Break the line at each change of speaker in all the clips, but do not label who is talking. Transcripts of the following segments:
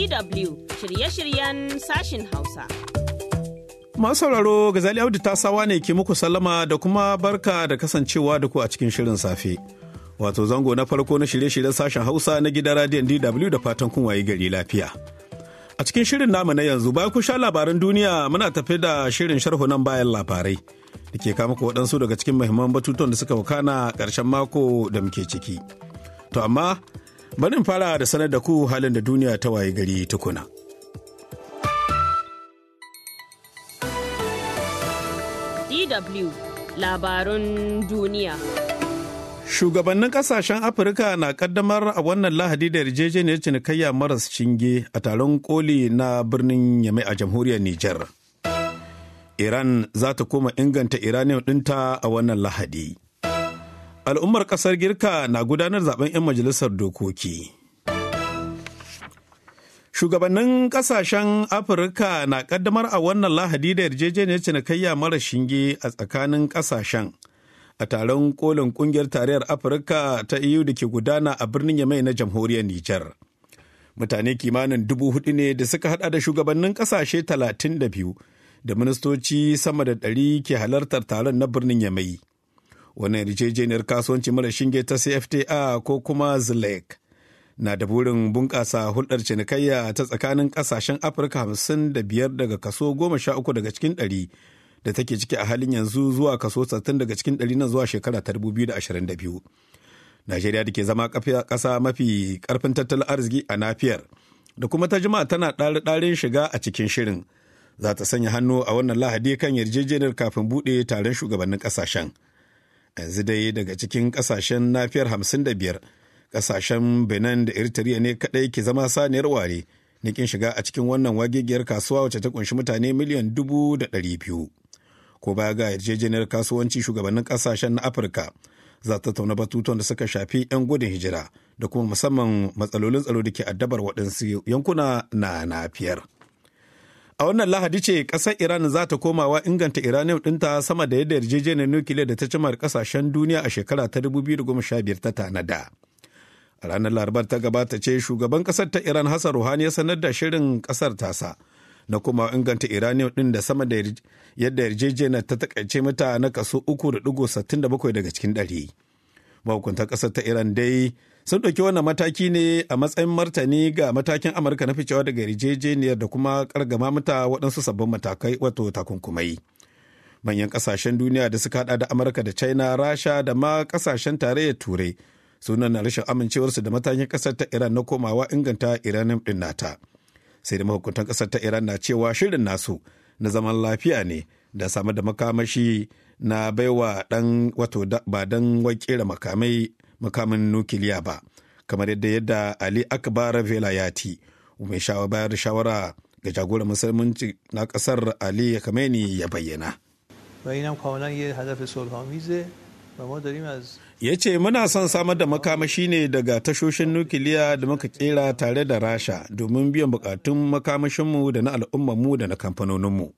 DW shirye-shiryen sashin Hausa.
Masauraro Gazali Audu ta sawa ne ke muku sallama da kuma barka da kasancewa da ku a cikin shirin safe. Wato zango na farko na shirye-shiryen sashen Hausa na gidan radiyon DW da fatan kun waye gari lafiya. A cikin shirin namu na yanzu bayan kun sha labaran duniya muna tafi da shirin nan bayan labarai da ke kama waɗansu daga cikin muhimman batutuwan da suka wakana ƙarshen mako da muke ciki. To amma banin fara da sanar da ku halin da duniya ta waye gari tukuna.
DW labarun duniya.
Shugabannin kasashen Afirka na kaddamar a wannan lahadi da yarjejeniyar cinikayya maras cinge a taron koli na birnin Yamai a jamhuriyar Nijar. Iran za ta koma inganta Iranium ɗinta a wannan lahadi. al'ummar ƙasar girka na gudanar zaben 'yan majalisar dokoki shugabannin ƙasashen afirka na kaddamar a wannan lahadi da yarjejeniyar cinikayya mara shinge a tsakanin ƙasashen, a taron kolin ƙungiyar tarayyar afirka ta eu da ke gudana a birnin yamai na jamhuriyar nijar mutane kimanin dubu hudu ne da suka hada da shugabannin ƙasashe talatin da biyu da ministoci sama da ɗari ke halartar taron na birnin yamai wannan yarjejeniyar kasuwanci mara shinge ta cfta ko kuma zlec na da burin bunƙasa hulɗar cinikayya ta tsakanin ƙasashen afirka hamsin da biyar daga kaso goma sha uku daga cikin ɗari da take ciki a halin yanzu zuwa kaso sattin daga cikin ɗari nan zuwa shekara ta dubu biyu da ashirin da biyu najeriya da ke zama ƙasa mafi ƙarfin tattalin arziki a nafiyar da kuma ta jima tana ɗari-ɗarin shiga a cikin shirin za ta sanya hannu a wannan lahadi kan yarjejeniyar kafin buɗe taron shugabannin ƙasashen. yanzu dai daga cikin kasashen nafiyar 55 kasashen benin da eritrea ne kadai ke zama saniyar ware nikin shiga a cikin wannan wagigiyar kasuwa wacce ta kunshi mutane miliyan dubu da ɗari biyu ko baya ga yarjejeniyar kasuwanci shugabannin kasashen na afirka za ta tauna batutuwan da suka shafi 'yan gudun hijira da kuma musamman matsalolin tsaro da ke addabar waɗansu yankuna na nafiyar. A wannan lahadi ce kasar Iran za ta komawa inganta Iranium ɗinta sama da yadda yarjejeniyar nukiliya da ta cimar kasashen duniya a shekara ta 2015 ta tanada. A ranar Larabar ta gabata ce shugaban kasar ta Iran Hassan Rouhani ya sanar da shirin kasar tasa na kuma inganta Iranium din da sama da yadda yarjejeniyar ta takaice mata na kaso 3.67 daga cikin ɗari. Mahukuntar kasar ta Iran dai sun ɗauki wannan mataki ne a matsayin martani ga matakin amurka na ficewa daga yarjejeniyar da kuma ƙargama mata waɗansu sabbin matakai wato takunkumai manyan ƙasashen duniya da suka haɗa da amurka da china rasha da ma ƙasashen tarayyar turai sunan na rashin amincewarsu da matakin ƙasar ta iran na komawa inganta iranin ɗin nata sai da mahukuntan ƙasar ta iran na cewa shirin nasu na zaman lafiya ne da samar da makamashi na baiwa ɗan wato ba dan wakera makamai makamin nukiliya ba kamar yadda yadda ali akbar velayati mai bayar shawara ga jagoran musulmanci na kasar ali kameni ya bayyana ya ce muna son samar da makamashi ne daga tashoshin nukiliya da muka kera tare da rasha domin biyan bukatun makamashinmu da na al'ummarmu da na kamfanoninmu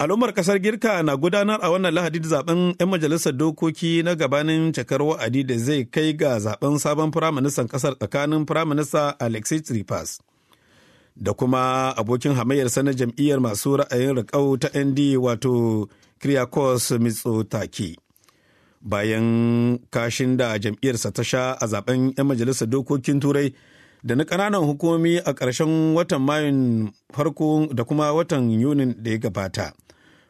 Al'ummar kasar Girka na gudanar a wannan lahadi da zaben 'yan majalisar dokoki na gabanin cakar wa'adi da zai kai ga zaben sabon firaministan kasar tsakanin firaminista Alexis tripas da kuma abokin hamayyar sanar jam'iyyar masu ra'ayin riƙau ta ND wato Kyriakos mitsotaki Bayan kashin da jam'iyyarsa ta sha a zaben 'yan majalisar dokokin Turai da na ƙananan hukumomi a ƙarshen watan Mayun farko da kuma watan Yunin da ya gabata.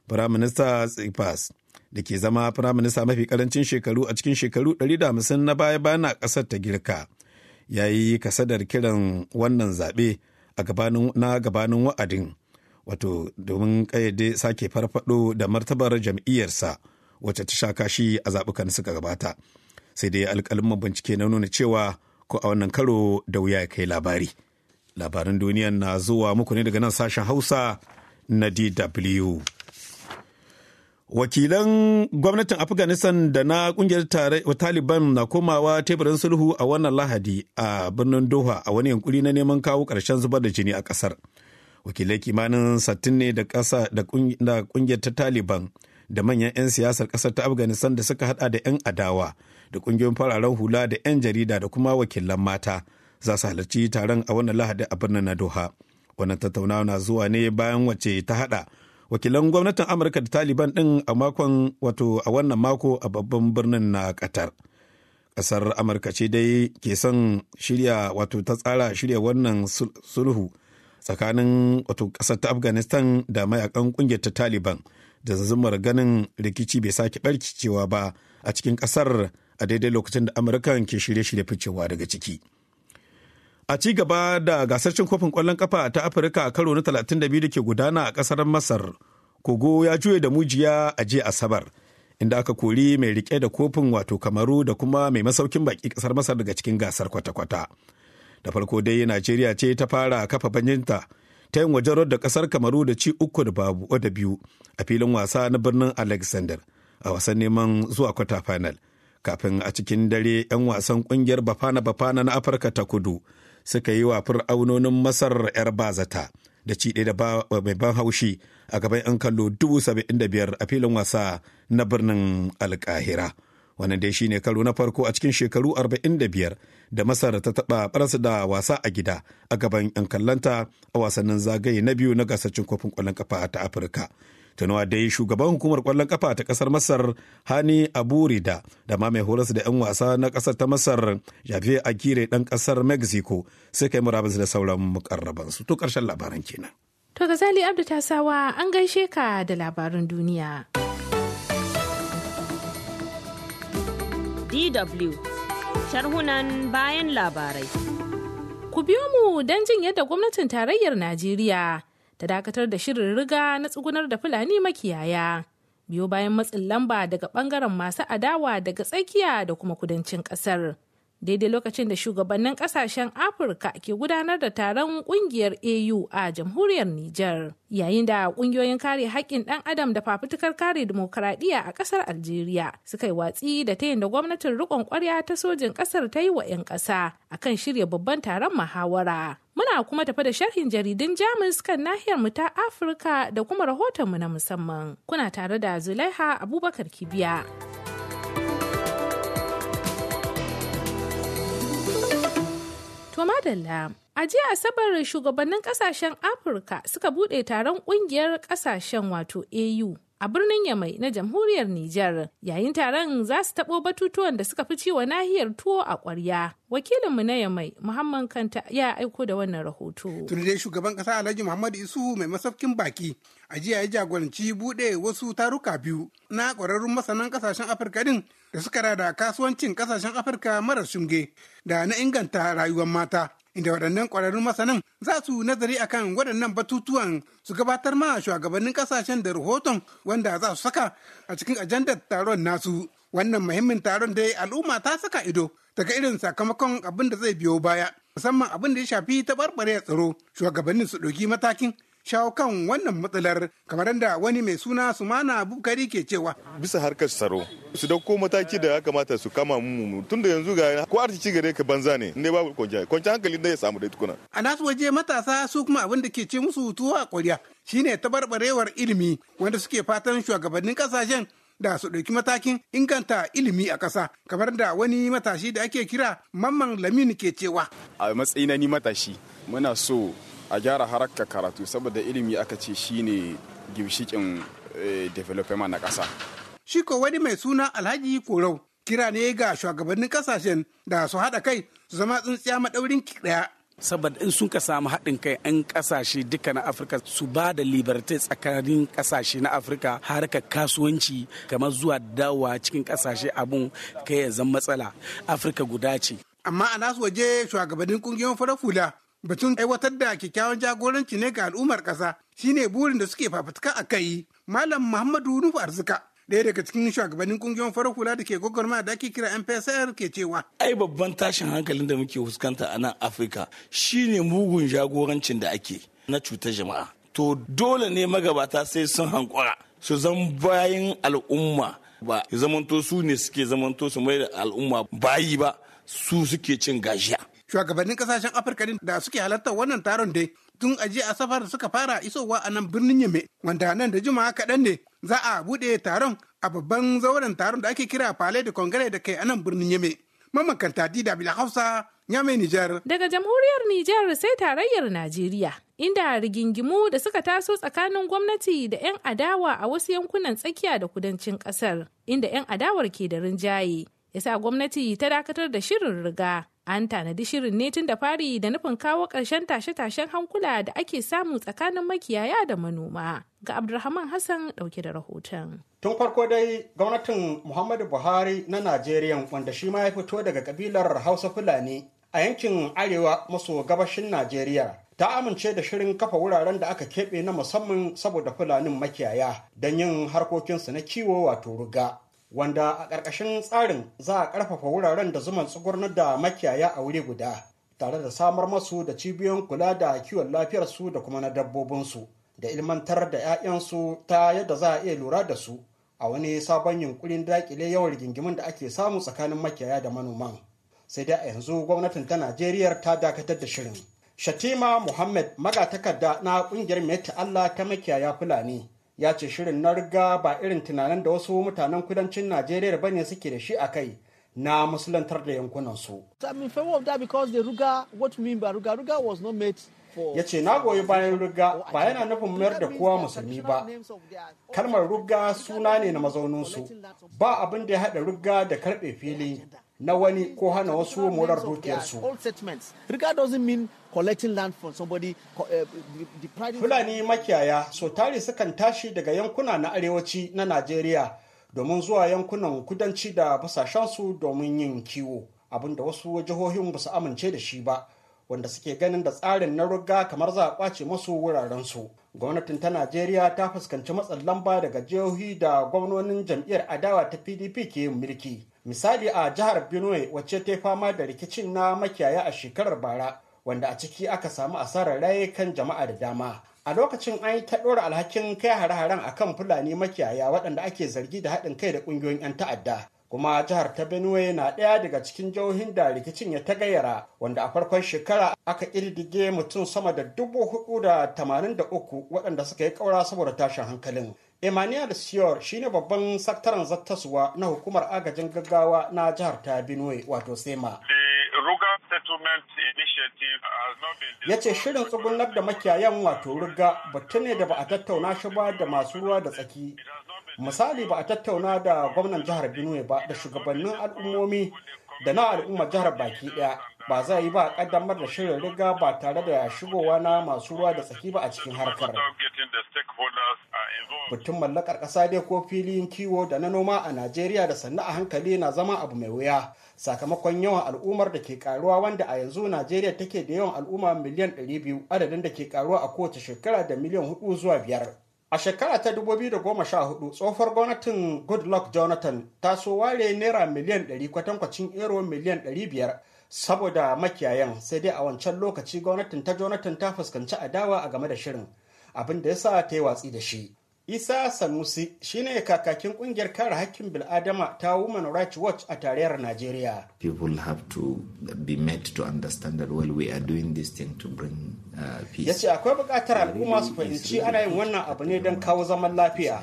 Firaminista Tsipas da ke zama firaminista mafi karancin shekaru a cikin shekaru 150 na baya bana kasar ta girka ya yi kasadar kiran wannan zaɓe na gabanin wa'adin wato domin ƙayyade sake farfado da martabar jam'iyyarsa wacce ta sha kashi a zaɓukan suka gabata sai dai alƙalin bincike na nuna cewa ko a wannan karo da wuya kai labari labarin Duniya na zuwa muku ne daga nan sashen hausa na dw Wakilan gwamnatin Afghanistan da na kungiyar Taliban na komawa teburin sulhu a wannan Lahadi a birnin Doha a wani yankuri na neman kawo karshen zubar da jini a kasar Wakilai kimanin sattin ne da kasa da kungiyar ta Taliban da manyan 'yan siyasar kasar ta Afghanistan da suka hada da 'yan adawa da kungiyoyin fararen hula da 'yan jarida da kuma wakilan mata za su halarci taron a wannan Lahadi a birnin na Doha. Wannan tattaunawa na zuwa ne bayan wacce ta hada wakilan gwamnatin amurka da taliban din a makon wato a wannan mako a babban birnin na qatar ƙasar amurka ce dai ke son shirya wato ta tsara shirya wannan sulhu tsakanin wato ƙasar ta afghanistan da mayakan ƙungiyar ta taliban da zazzumar ganin rikici bai sake cewa ba a cikin ƙasar a daidai lokacin da amurkan ke shirye-shirye ficewa daga ciki. A ci gaba da gasar cin kofin ƙwallon kafa ta Afirka karo na 32 da ke gudana a ƙasar Masar, Kogo ya juye da mujiya a jiya Asabar, inda aka kori mai rike da kofin wato Kamaru da kuma mai masaukin baki ƙasar Masar daga cikin gasar kwata-kwata. Da farko dai Najeriya ce ta fara kafa banyinta ta yin wajen da ƙasar Kamaru da ci uku da babu da biyu a filin wasa na birnin Alexander a wasan neman zuwa kwata final. Kafin a cikin dare 'yan wasan ƙungiyar Bafana Bafana na Afirka ta kudu suka yi wa fir'aunonin masar 'yar bazata da ci da ba mai ban haushi a gaban 'yan kallo dubu saba'in da biyar a filin wasa na birnin alkahira wannan dai shi ne karo na farko a cikin shekaru arba'in da biyar da masar ta taɓa barasa da wasa a gida a gaban 'yan kallanta a wasannin zagaye na biyu na gasar cin kofin ƙwallon kafa ta afirka Tunawa dai shugaban hukumar kwallon kafa ta kasar Masar Hani Aburida da ma mai horas da 'yan wasa na kasar ta Masar Javier Aguirre dan kasar Mexico sai kai murabus da sauran mukarrabansu. To karshen labaran kenan.
To Gazali Abdu sawa an gaishe ka da labarin duniya. DW sharhunan bayan labarai. Ku biyo mu don jin yadda gwamnatin tarayyar Najeriya ta dakatar da shirin riga na tsugunar da fulani makiyaya biyo bayan matsin lamba daga bangaren masu adawa daga tsakiya da kuma kudancin kasar daidai lokacin da shugabannin kasashen afirka ke gudanar da taron kungiyar au a jamhuriyar niger yayin da kungiyoyin kare haƙƙin ɗan adam da fafutukar kare dimokuraɗiyya a ƙasar algeria suka yi watsi da ta yin da gwamnatin riƙon ƙwarya ta sojin ƙasar ta yi wa 'yan ƙasa akan shirya babban taron muhawara muna kuma tafi da sharhin jaridun jamus kan nahiyar mu ta afirka da kuma rahotonmu na musamman kuna tare da zulaiha abubakar kibiya To madalla. A jiya Asabar shugabannin kasashen Afirka suka buɗe taron ƙungiyar ƙasashen wato AU a birnin Yamai na jamhuriyar Nijar. Yayin taron za su taɓo batutuwan da suka fi ciwa nahiyar tuwo a ƙwarya. Wakilinmu na Yamai, Muhammad Kanta, ya aiko da wannan rahoto. Tun
dai shugaban ƙasa Alhaji Muhammad Isu mai masafkin baki, a jiya ya jagoranci buɗe wasu taruka biyu na ƙwararrun masanan ƙasashen Afirka ɗin da suka rada kasuwancin ƙasashen Afirka mara shunge da na inganta rayuwar mata. inda waɗannan ƙwararrun masanan za su nazari akan waɗannan batutuwan su gabatar ma shugabannin ƙasashen da rahoton wanda za su saka a cikin ajandar taron nasu wannan muhimmin taron da al'umma ta saka ido daga irin sakamakon abin da zai biyo baya musamman abin da ya shafi taɓarɓare tsaro shugabannin su ɗauki matakin shawo kan wannan matsalar kamar da wani mai suna sumana bukari ke cewa bisa harkar tsaro su dauko mataki da ya kamata su kama mu tun da yanzu ga ko arziki gare ka banza ne ne babu
kwanciya kwanciya hankali da ya samu dai tukuna
a nasu waje matasa su kuma abin da ke ce musu tuwa a shine tabarbarewar ilimi wanda suke fatan shugabannin kasashen da su ɗauki matakin inganta ilimi a ƙasa kamar da wani matashi da ake kira mamman lamini ke cewa
a matsayina ni matashi muna so a gyara harakka karatu saboda ilimi aka ce shine gimshikin eh, development na ƙasa.
Shiko, wani mai suna Alhaji Korau kira ne ga shugabannin kasashen da su haɗa kai su zama tsintsiya maɗaurin ɗaya. saboda in sun ka samu haɗin kai 'yan ƙasashe duka na afirka su ba da liberty tsakanin ƙasashe na afirka harkar kasuwanci kamar zuwa dawa cikin ƙasashe abun kai ya zama matsala afirka guda ce amma a nasu waje shugabannin kungiyoyin farar fula. Batun aiwatar da kyakkyawan jagoranci ne ga al'ummar ƙasa shine burin da suke fafutuka a kai. Malam Muhammadu Nufu Arzika ɗaya daga cikin shugabannin kungiyoyin farar kula da ke gwagwarma da ake kira MPSR ke cewa. Ai babban tashin
hankalin da muke fuskanta a nan Afirka shine mugun jagorancin da ake na cutar jama'a. To dole ne magabata sai sun hankura su zan bayan al'umma ba zamanto su ne suke zamanto su mai da al'umma bayi ba su suke cin gajiya.
shugabannin kasashen afirka da suke halartar wannan taron dai tun ajiye asabar suka fara isowa a nan birnin yame wanda nan da juma'a kaɗan ne za a buɗe taron a babban zauren taron da ake kira palais de congrès da kai a nan birnin yame mamakanta dida bila hausa Nyame Nijar.
Daga jamhuriyar Nijar sai tarayyar Najeriya. Inda rigingimu da suka taso tsakanin gwamnati da 'yan adawa a wasu yankunan tsakiya da kudancin kasar, inda 'yan adawar ke da rinjaye, ya sa gwamnati ta dakatar da shirin riga An tanadi shirin ne tun da fari da nufin kawo ƙarshen tashe-tashen hankula da ake samu tsakanin makiyaya da manoma. Ga Abdulrahman Hassan ɗauke da rahoton.
Tun farko dai gwamnatin Muhammadu Buhari na Najeriya wanda shi ma ya fito daga kabilar Hausa Fulani a yankin arewa maso gabashin Najeriya ta amince da shirin kafa wuraren da aka keɓe na musamman saboda fulanin makiyaya don yin harkokinsu na kiwo wato ruga wanda a ƙarƙashin tsarin za a ƙarfafa wuraren da zuman tsugurnar da makiyaya a wuri guda tare da samar masu da cibiyoyin kula da kiwon lafiyarsu da kuma na dabbobinsu da ilmantar da 'ya'yansu ta yadda za a iya lura da su a wani sabon yunkurin dakile yawan rigingimin da ake samu tsakanin makiyaya da manoman sai dai a yanzu gwamnatin ta najeriya ta dakatar da shirin shatima muhammad magatakarda na ƙungiyar mai Allah ta makiyaya fulani ya ce shirin na riga ba irin tunanin da wasu mutanen kudancin najeriya ne suke da shi a kai na musulantar da yankunansu. ya ce na goyi bayan ruga oh, ba yana nufin mayar da kowa musulmi ba kalmar ruga suna ne na mazauninsu ba abin da ya haɗa ruga da karɓe fili na wani ko hana wasu morar dukiyarsu. Eh,
Fulani makiyaya
so tari sukan tashi daga yankuna na arewaci na Najeriya domin zuwa yankunan kudanci da basashensu domin yin kiwo abinda wasu jihohin ba su amince da shi ba wanda suke ganin da tsarin na rugga kamar za a kwace masu wurarensu. Gwamnatin ta Najeriya ta fuskanci matsin lamba daga jihohi da gwamnonin jam'iyyar adawa ta PDP ke mulki. misali a jihar benue wacce ta yi fama da rikicin na makiyaya a shekarar bara wanda a ciki aka samu asarar rai kan jama'a da dama a lokacin an yi ta ɗora alhakin kai hare-haren a kan fulani makiyaya waɗanda ake zargi da haɗin kai da ƙungiyoyin 'yan ta'adda kuma jihar ta benue na ɗaya daga cikin jihohin da rikicin ya tagayyara wanda a farkon shekara aka ƙirdige mutum sama da dubu hudu da tamanin da uku waɗanda suka yi ƙaura saboda tashin hankalin emmanuel sior shine babban sakataren zattaswa na hukumar agajin gaggawa na jihar ta benue wato sema ya ce shirin tsugunar da makiyayan wato riga batu ne da ba a tattauna shi ba da masu ruwa da tsaki misali ba a tattauna da gwamnan jihar benue ba da shugabannin al'ummomi da na al'umma jihar baki daya ba za yi ba a kaddamar da shirin riga ba tare da shigowa na masu ruwa da tsaki ba a cikin harkar Mutum mallakar ƙasa dai ko filin kiwo da na noma a Najeriya da sannu a hankali na zama abu mai wuya sakamakon yawan al'ummar da ke karuwa wanda a yanzu Najeriya take da yawan al'umma miliyan 200 adadin da ke karuwa a kowace shekara da miliyan 4 zuwa biyar. A shekara ta 2014 tsofar gwamnatin Goodluck Jonathan ta so ware naira miliyan 100 kwatankwacin euro miliyan 500 saboda makiyayan sai dai a wancan lokaci gwamnatin ta Jonathan ta fuskanci adawa a game da shirin abin da ya sa ta yi watsi da shi. isa sanusi shine kakakin kungiyar kare hakkin bil'adama ta women rights watch a tarayyar najeriya
people have to be made to understand that while we are doing this thing to bring uh, peace akwai
bukatar al'umma su fahimci ana yin wannan abu ne don kawo zaman lafiya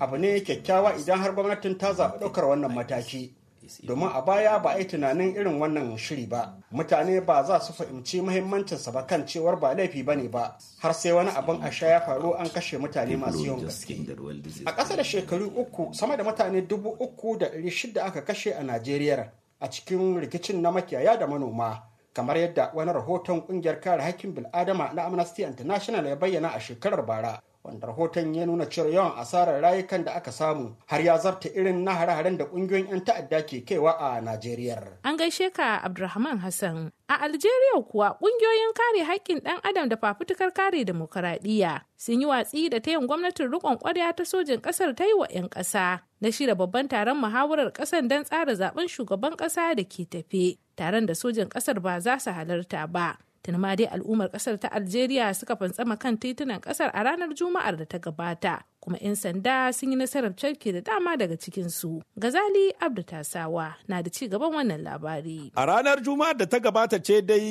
abu ne kyakkyawa idan har gwamnatin ta zaɓi ɗaukar wannan mataki domin a baya ba a yi tunanin irin wannan shiri ba mutane ba za su fahimci muhimmancinsa ba kan cewar ba laifi ba ne ba har sai wani abin a sha ya faru an kashe mutane masu yawan
gaske a
ƙasa da shekaru uku sama da mutane dubu uku da ɗari shida aka kashe a najeriya a cikin rikicin na makiyaya da manoma kamar yadda wani rahoton ƙungiyar kare hakkin bil'adama na amnesty international ya bayyana a shekarar bara wanda rahoton ya nuna cewa yawan asarar rayukan da aka samu har ya zarta irin na hare-haren da ƙungiyoyin 'yan ta'adda ke kaiwa a Najeriya.
An gaishe ka Abdulrahman Hassan. A Algeria kuwa ƙungiyoyin kare haƙƙin ɗan adam da fafutukar kare demokuraɗiyya sun yi watsi da tayin gwamnatin riƙon ƙwarya ta sojin ƙasar ta yi wa 'yan ƙasa na shirya babban taron muhawarar ƙasar don tsara zaɓen shugaban ƙasa da ke tafe taron da sojin ƙasar ba za su halarta ba tunama dai al'ummar kasar ta algeria suka fantsama kan titunan kasar a ranar juma'ar da ta gabata kuma 'yan sanda sun yi nasarar cerke da dama daga cikinsu. Gazali abdutasawa na da ci gaban wannan labari.
A ranar juma'ar da ta gabata ce dai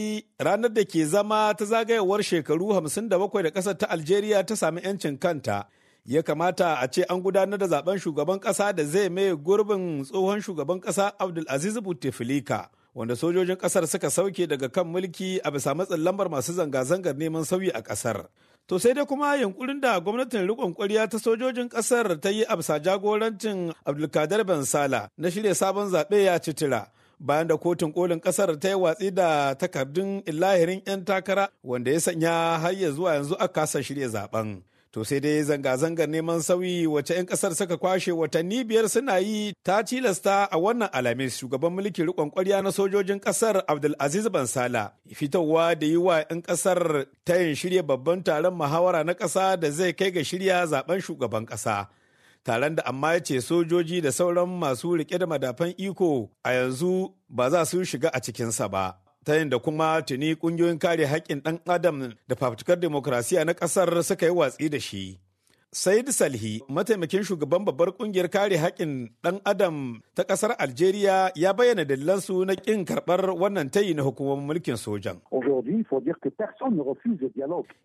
ranar da ke zama ta zagayewar shekaru 57 da kasar ta Algeria ta sami 'yancin kanta. Ya kamata a ce an gudanar da zaben shugaban kasa da zai mai gurbin tsohon shugaban ƙasa Abdulaziz Bouteflika. wanda sojojin kasar suka sauke daga kan mulki a bisa matsin lambar masu zanga-zangar neman sauyi a kasar. To sai dai kuma yunkurin da gwamnatin rikon kwariya ta sojojin kasar ta yi a bisa jagorancin Abdulkadir Bansala na shirya sabon zaɓe ya citira. bayan da kotun kolin kasar ta yi watsi da takardun illahirin 'yan takara wanda ya sanya har zuwa yanzu a kasa shirya zaben. To sai dai zanga-zangar neman sauyi wacce 'yan kasar suka kwashe watanni biyar suna yi ta tilasta a wannan alamis shugaban mulki rikon kwarya na sojojin kasar Abdulaziz Bansala fitowa da yi wa 'yan kasar ta yin shirya babban taron muhawara na kasa da zai kai ga shirya zaben shugaban kasa. Taron da amma ya ce sojoji da sauran masu rike da madafan iko a yanzu ba za su shiga a cikinsa ba. ta da kuma tuni kungiyoyin kare haƙƙin ɗan adam da fafutukar demokrasiya na ƙasar suka yi watsi da shi Said Salhi, mataimakin shugaban babbar kungiyar kare haƙƙin ɗan adam ta ƙasar Algeria ya bayyana dalilansu na ƙin karɓar wannan tayi na hukumar mulkin sojan.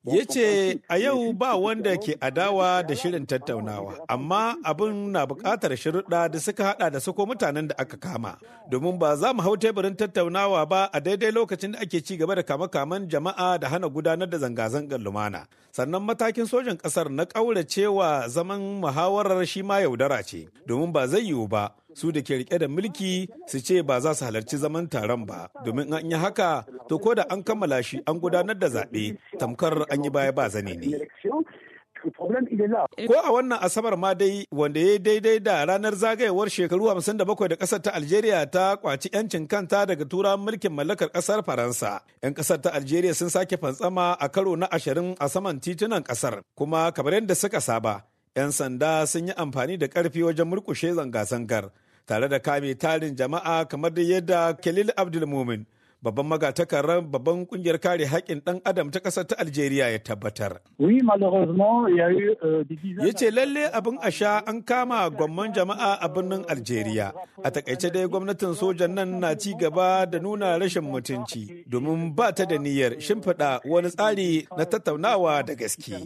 Ya ce a yau ba wanda ke adawa da shirin tattaunawa, amma abin na buƙatar shirɗa da suka haɗa da su ko mutanen da aka kama. Domin ba za mu hau teburin tattaunawa ba a daidai lokacin da ake ci gaba da kama-kaman jama'a da hana gudanar da zanga-zangar lumana. sannan matakin sojan kasar na ƙauracewa zaman muhawarar shi ma yaudara ce domin ba zai yiwu ba su da ke rike da mulki su ce ba za su halarci zaman taron ba domin an yi haka to ko da an kammala shi an gudanar da zaɓe tamkar an yi baya ba zane ne Ko a wannan Asabar ma dai wanda ya daidai da ranar zagayewar shekaru 57 da kasar ta Algeria ta kwaci 'yancin kanta daga tura mulkin mallakar kasar Faransa. 'Yan kasar ta Algeria sun sake fantsama a karo na ashirin a saman titunan kasar kuma kamar yadda suka saba 'yan sanda sun yi amfani da karfi wajen murkushe zanga-zangar tare da kame tarin jama'a kamar da yadda Khalil Abdulmumin babban magatakaran babban kungiyar kare haƙƙin ɗan adam ta ƙasar ta Algeria ya tabbatar. Euh, ya ce lalle abin a sha an kama gwamman jama'a a birnin Algeria. A takaice dai gwamnatin sojan nan na ci gaba da nuna rashin mutunci domin ba ta da niyyar shimfiɗa wani tsari na tattaunawa da gaske.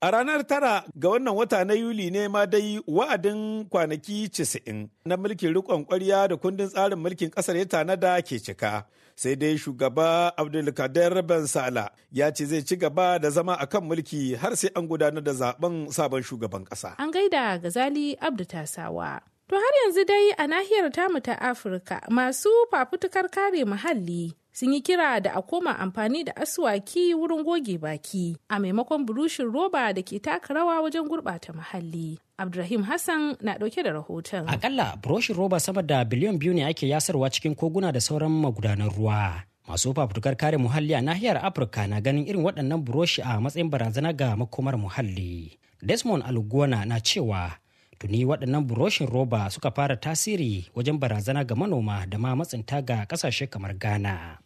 A ranar tara ga wannan wata na Yuli ne ma dai wa'adin kwanaki 90 na mulkin rikon ƙwarya da kundin tsarin mulkin ƙasa majalisar ya tanada ke cika sai dai shugaba abdulkader ben sala ya ce zai ci gaba da zama a kan mulki har sai an gudanar da zaben sabon shugaban kasa
an gaida gazali abdu tasawa to har yanzu dai a nahiyar tamu ta afirka masu fafutukar kare muhalli sun yi kira da a koma amfani da asuwaki wurin goge baki a maimakon burushin roba da ke taka rawa wajen gurɓata muhalli. Abdulrahim Hassan na dauke da rahoton.
Akalla burushin roba sama da biliyan biyu ne ake yasarwa cikin koguna da sauran magudanan ruwa. Masu fafutukar kare muhalli a nahiyar Afirka na ganin irin waɗannan buroshi a matsayin barazana ga makomar muhalli. Desmond Alguona na cewa tuni waɗannan buroshin roba suka fara tasiri wajen barazana ga manoma da ma matsinta ga ƙasashe kamar ghana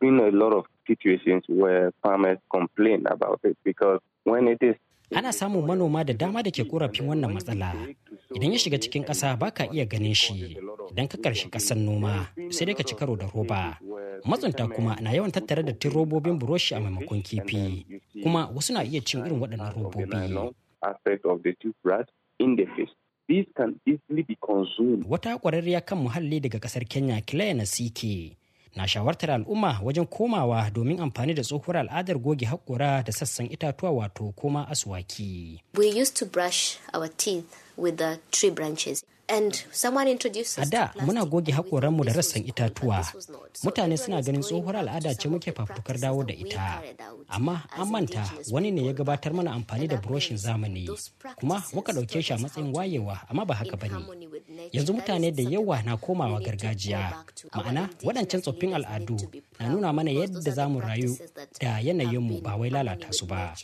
been a lot of situations where about
it because when it
ana samun manoma da dama da ke korafin wannan matsala idan ya shiga cikin ƙasa ba ka iya ganin shi idan ka karshe ƙasar noma sai dai ka ci karo da roba matsunta kuma na yawan tattare da tun robobin buroshi a maimakon kifi kuma wasu na iya cin irin waɗannan robobi in the face. These can easily be consumed. Wata ƙwararriya kan muhalli daga ƙasar Kenya, Claire Nasike, na shawartar al'umma wajen komawa domin amfani da tsohuwar al'adar goge haƙora da sassan itatuwa wato koma aswaki. We used to brush our teeth with the tree branches. A da muna goge haƙoranmu da rassan itatuwa. Mutane suna ganin tsohuwar al'ada ce muke fafutukar dawo da ita. Amma an manta wani ne ya gabatar mana amfani da buroshin zamani. Kuma muka ɗauke shi a matsayin wayewa amma ba haka ba ne. Yanzu mutane da yawa na komawa gargajiya. Ma'ana waɗancan tsoffin al'adu na nuna mana yadda za mu rayu da yanayinmu ba wai lalata su ba.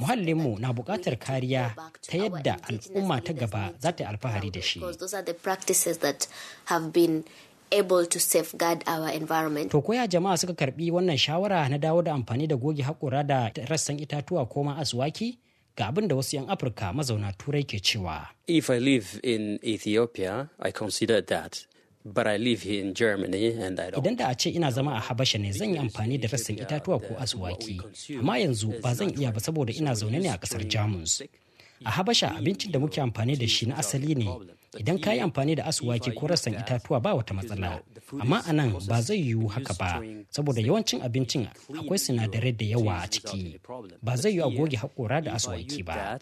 Muhallinmu na buƙatar kariya ta yadda al'umma ta gaba za ta yi alfahari da shi. those are the that have been able to safeguard our environment. To koya jama'a suka karbi wannan shawara na dawo da amfani da goge haƙura da rassan itatuwa ko ma aswaki? ga abin da wasu 'yan Afirka mazauna Turai ke cewa. If I live in Ethiopia, I consider that. But I live here in Germany and I don't. Idan da a ce ina zama a Habasha ne zan yi amfani da rassan itatuwa ko asuwaki,
amma yanzu ba zan iya
ba saboda ina zaune ne a ƙasar Jamus. a habasha abincin da muke amfani da shi na asali ne idan ka yi amfani da asuwaki ko rassan itatuwa ba wata matsala amma a nan ba zai yiwu haka ba saboda yawancin abincin akwai sinadarai da yawa a ciki ba zai yiwu a goge haƙora da asuwaki ba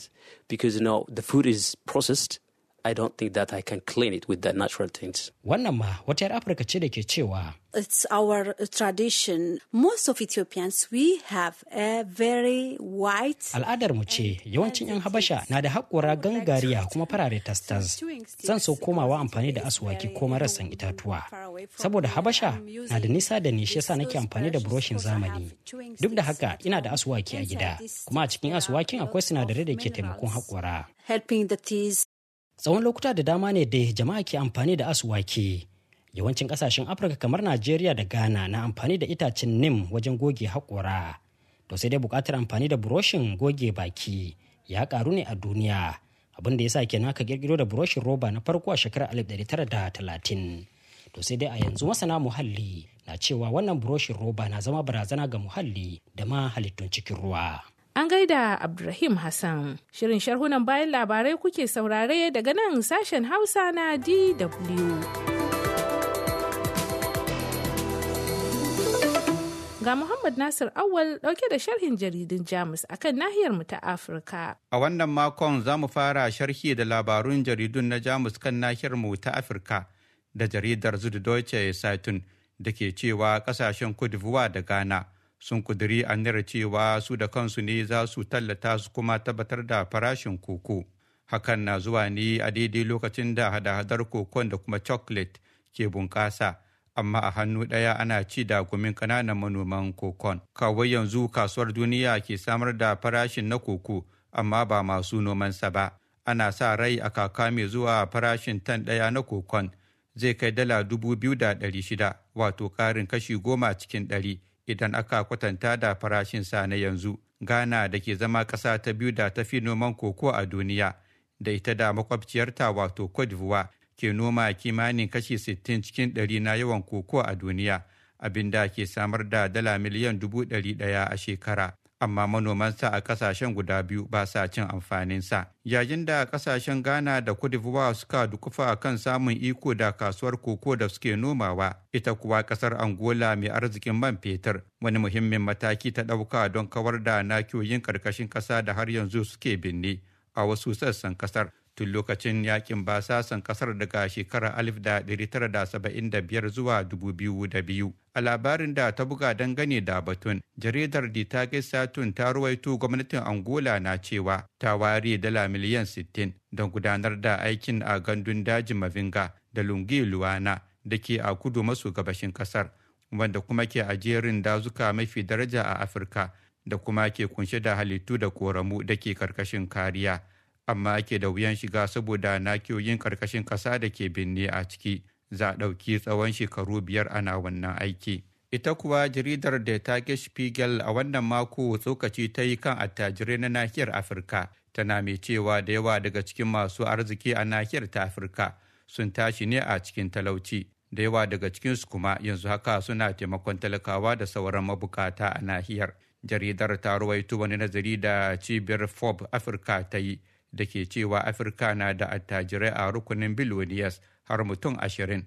I don't think that I can clean it with the natural things. Wannan ma wata 'yar Afirka ce da ke cewa.
It's our tradition. Most of Ethiopians, we have a very white.
Al'adar mu ce yawancin 'yan Habasha na da haƙora gangariya kuma farare tastas. Zan so komawa amfani da aswaki ko marasan itatuwa. Saboda Habasha na da nisa da ni sa nake amfani da buroshin zamani. Duk da haka ina da aswaki a gida kuma a cikin aswakin akwai sinadarai da ke taimakon haƙora. Helping the teeth tsawon lokuta da dama ne da jama'a ke amfani da asuwaki yawancin kasashen afirka kamar najeriya da ghana na amfani da itacen nim wajen goge haƙora to sai dai buƙatar amfani da buroshin goge baki ya ƙaru ne a duniya abin da ya sa kenan aka kirkiro da buroshin roba na farko a shekarar 1930 to sai dai a yanzu masana muhalli na cewa wannan buroshin roba na zama barazana ga muhalli da ma halittun cikin ruwa
An gaida Abdurrahim Hassan. Shirin sharhunan bayan labarai kuke saurare daga nan sashen Hausa na DW. Ga Muhammad Nasir Awal dauke da sharhin jaridun Jamus akan nahiyar mu ta Afirka.
A wannan makon za mu fara sharhi da labarun jaridun na Jamus kan nahiyar mu ta Afirka da jaridar Zudu Deutsche Zeitung da ke cewa kasashen Cote da Ghana. sun kuduri aniyar cewa su da kansu ne za su tallata su kuma tabbatar da farashin koko hakan na zuwa ne a daidai lokacin da hada-hadar kokon da kuma chocolate ke bunƙasa amma a hannu ɗaya ana ci da gumin ƙananan manoman kokon kawai yanzu kasuwar duniya ke samar da farashin na koko amma ba masu nomansa ba ana sa rai a kaka mai zuwa farashin tan ɗaya na kokon zai kai dala dubu biyu da ɗari shida wato ƙarin kashi goma cikin ɗari idan aka kwatanta da farashin sa na yanzu ghana da ke zama ƙasa ta biyu da ta fi noman koko a duniya da ita da makwabciyarta wato cote d'ivoire ke noma kimanin kashi 60 cikin 100 na yawan koko a duniya abinda ke samar da dala miliyan dubu ɗari ɗaya a shekara amma manoman sa a kasashen guda biyu ba sa cin amfanin sa yayin da kasashen ghana da cote d'ivoire suka dukufa kan samun iko da kasuwar koko da suke nomawa ita kuwa kasar angola mai arzikin man fetur wani muhimmin mataki ta ɗauka don kawar da nakiyoyin ƙarƙashin ƙasa da har yanzu suke binne a wasu sassan kasar tun lokacin yakin basasan kasar daga shekarar 1975 zuwa 2002. A labarin da ta buga dangane da batun, jaridar Ditage satun ta ruwaito gwamnatin Angola na cewa ta ware dala miliyan 60 don gudanar da aikin a gandun dajin Mavinga da Lungi Luwana da ke a kudu maso gabashin kasar, wanda kuma ke a jerin dazuka mafi daraja a Afirka da kuma ke kunshe da halittu da koramu da ke karkashin kariya. amma ake da wuyan shiga saboda nakiyoyin karkashin ƙasa da ke binne a ciki za a ɗauki tsawon shekaru biyar ana wannan aiki. Ita kuwa jaridar da ta Spiegel a wannan mako tsokaci ta yi kan attajirai na nahiyar Afirka. Tana mai cewa da yawa daga cikin masu arziki a nahiyar ta Afirka sun tashi ne a cikin talauci. Da yawa daga cikinsu kuma yanzu haka suna taimakon talakawa da sauran mabukata a nahiyar. Jaridar ta rawaito wani nazari da cibiyar Forbes Afirka ta yi da ke cewa afirka na da attajirai a rukunin biloniyas har mutum ashirin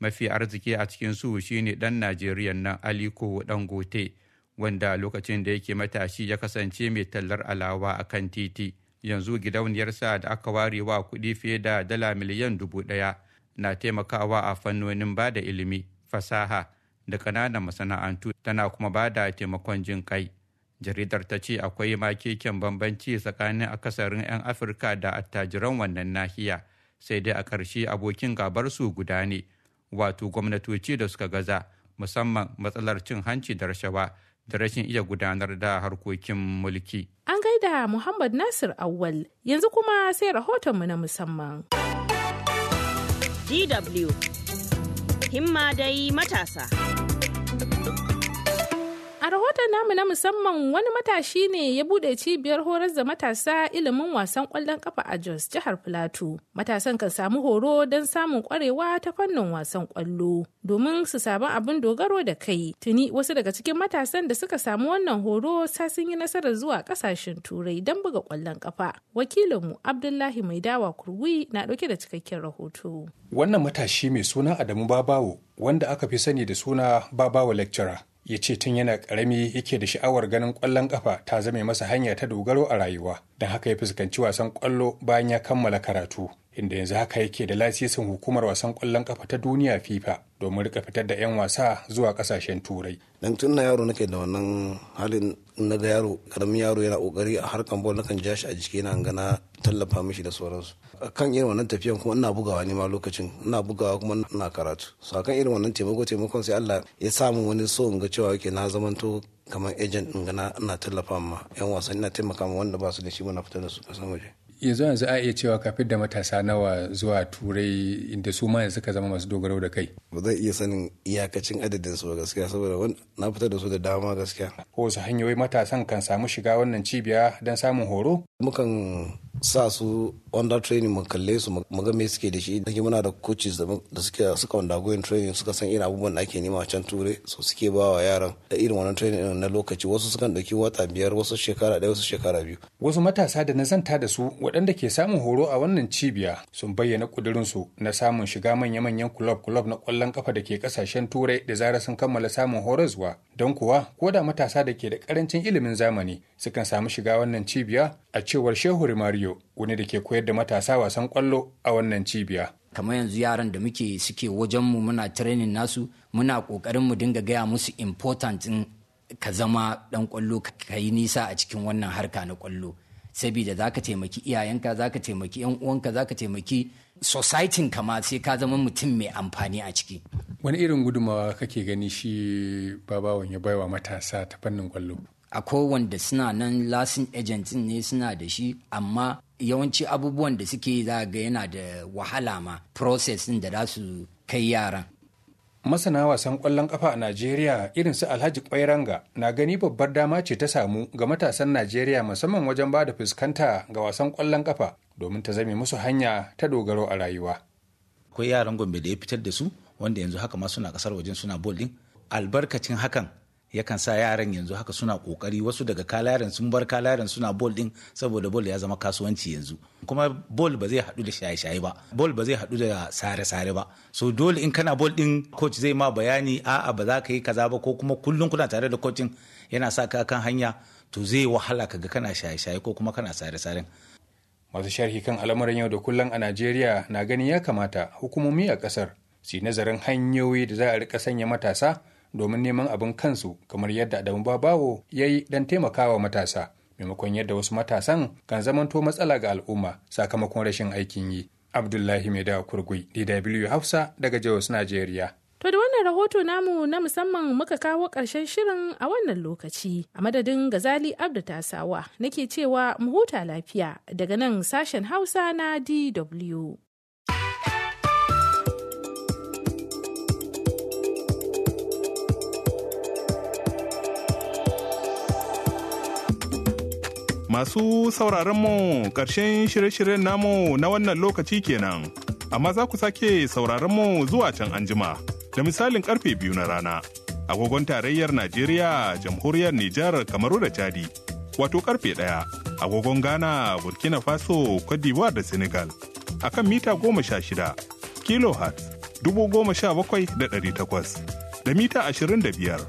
mafi arziki a cikin su shine dan najeriya nan aliko dangote wanda lokacin da yake matashi ya kasance mai tallar alawa a kan titi yanzu gidauniyar sa da aka ware wa kuɗi fiye da dala miliyan dubu ɗaya na taimakawa a fannonin ba da ilimi fasaha da ƙananan masana'antu tana kuma ba da taimakon jin kai jaridar ta ce akwai makeken bambanci tsakanin akasarin 'yan afirka da attajiran wannan nahiya sai dai a ƙarshe abokin su guda ne wato gwamnatoci da suka gaza musamman matsalar cin hanci da rashawa da rashin iya gudanar da harkokin mulki.
An gaida Muhammad Nasir Awwal yanzu kuma sai rahotonmu na musamman.
DW Himma dai matasa.
rahoton namu na musamman wani matashi ne ya bude cibiyar horar da matasa ilimin wasan kwallon kafa a Jos jihar Filato. Matasan kan samu horo don samun kwarewa ta fannin wasan kwallo domin su samu abin dogaro da kai. Tuni wasu daga cikin matasan da suka samu wannan horo sa sun yi nasarar zuwa kasashen turai don buga kwallon kafa. Wakilinmu Abdullahi Mai Dawa Kurwi na dauke da cikakken rahoto.
Wannan matashi mai suna Adamu Babawo wanda aka fi sani da suna Babawo Lecturer ya ce tun yana karami yake da sha'awar ganin kwallon kafa ta zame masa hanya ta dogaro a rayuwa don haka ya fuskanci wasan kwallo bayan ya kammala karatu inda yanzu haka yake da lasisin hukumar wasan kwallon kafa ta duniya FIFA domin rika fitar da 'yan wasa zuwa kasashen turai.
Dan tun na yaro nake da wannan halin na ga yaro karamin yaro yana kokari a harkan bol nakan ja shi a jiki na gana tallafa mishi da sauransu. Kan irin wannan tafiyan kuma ina bugawa ne ma lokacin ina bugawa kuma ina karatu. So kan irin wannan taimako taimakon sai Allah ya samu wani so in ga cewa yake na zamanto kamar agent in gana ina tallafa ma 'yan wasan ina taimaka ma wanda ba su da shi muna fitar da su kasan waje.
yanzu yanzu a iya cewa kafin da matasa nawa zuwa turai inda su ma suka zama masu dogaro da kai ba zai iya sanin iyakacin adadin su gaskiya saboda na fita da su da dama gaskiya ko wasu hanyoyi matasan kan samu shiga wannan cibiya don samun horo
mukan sa su under training mu kalle su mu ga suke da shi da muna da coaches da suke suka goyon training suka san irin abubuwan da ake nema can ture so suke ba wa yaran da irin wannan training na lokaci wasu sukan dauki wata biyar wasu shekara ɗaya wasu shekara
biyu wasu matasa da na zanta da su waɗanda ke samun horo a wannan cibiya sun bayyana kudirin su na samun shiga manya-manyan kulob-kulob na kwallon kafa da ke ƙasashen turai da zara sun kammala samun zuwa don kuwa ko da matasa da ke da karancin ilimin zamani sukan samu shiga wannan cibiya a cewar shehu mario wani da ke koyar da matasa wasan kwallo a wannan cibiya
kamar yanzu yaran da muke suke wajenmu muna training nasu muna kokarin mu dinga gaya musu important in ka zama dan kwallo ka yi nisa a cikin wannan harka na kwallo sabida za ka taimaki iyayenka za ka taimaki yan uwanka za ka taimaki society kama sai ka zama mutum mai amfani a ciki wani irin gudumawa kake gani shi babawan ya baiwa matasa ta fannin kwallo a kowanda suna nan lasin ejentin ne suna da shi amma yawanci abubuwan da suke za ga yana da wahala ma process din da za su kai yaran masana wasan kwallon kafa a
najeriya irin su alhaji kwairanga na gani babbar dama ce ta samu ga matasan najeriya musamman wajen ba da fuskanta ga wasan kwallon kafa domin ta zame musu hanya ta dogaro a rayuwa akwai yaran gombe da ya fitar da su wanda yanzu haka ma suna kasar wajen suna bol albarkacin hakan yakan sa yaran yanzu haka suna kokari wasu daga kalaren sun bar kalaren suna bol din saboda bol ya zama kasuwanci yanzu kuma bol ba zai haɗu da shaye-shaye ba bol ba zai haɗu da sare-sare ba so dole in kana bol din coach zai ma bayani a'a ba za ka yi kaza ba ko kuma kullum kuna tare da coachin yana sa ka kan hanya to zai wahala kaga kana shaye-shaye ko kuma kana sare sare. masu sharhi kan al'amuran yau da kullum a Najeriya na gani ya kamata hukumomi a kasar su nazarin hanyoyi da za a rika sanya matasa domin neman abin kansu kamar yadda Adamu Babawo ya yi don taimakawa matasa maimakon yadda wasu matasan kan zamanto matsala ga al'umma sakamakon rashin aikin yi. Abdullahi Maida Kurgui, DW Hausa daga Jos, Najeriya.
To da wannan rahoto namu na musamman muka kawo ƙarshen shirin a wannan lokaci. A madadin Gazali Abda Tasawa nake cewa mu huta lafiya daga nan sashen Hausa na DW.
Masu sauraron mu ƙarshen shirye-shiryen namu na wannan lokaci kenan, amma za ku sake sauraron mu zuwa can anjima da misalin karfe biyu na rana. Agogon tarayyar Najeriya, jamhuriyar Nijar, Kamaru da Chadi, wato karfe ɗaya. Agogon Ghana, Burkina Faso, Cote d'Ivoire da Senegal. akan mita goma sha shida, kilohertz dubu goma sha bakwai da ɗari takwas, da mita ashirin da biyar,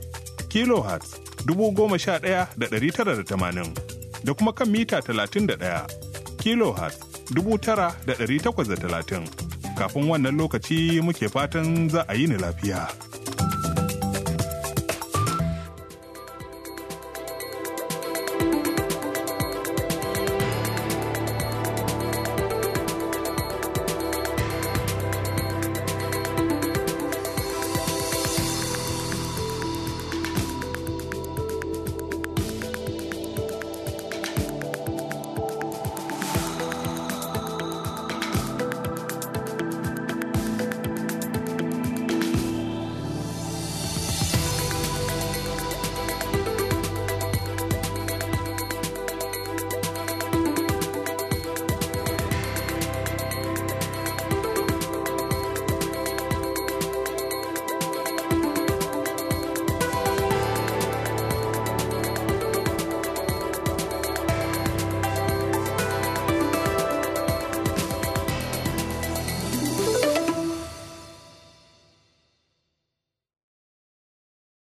kilohertz dubu goma sha ɗaya da ɗari tara da tamanin. da kuma kan mita 31 kilohertz 9830 kafin wannan lokaci muke fatan za a yi ni lafiya.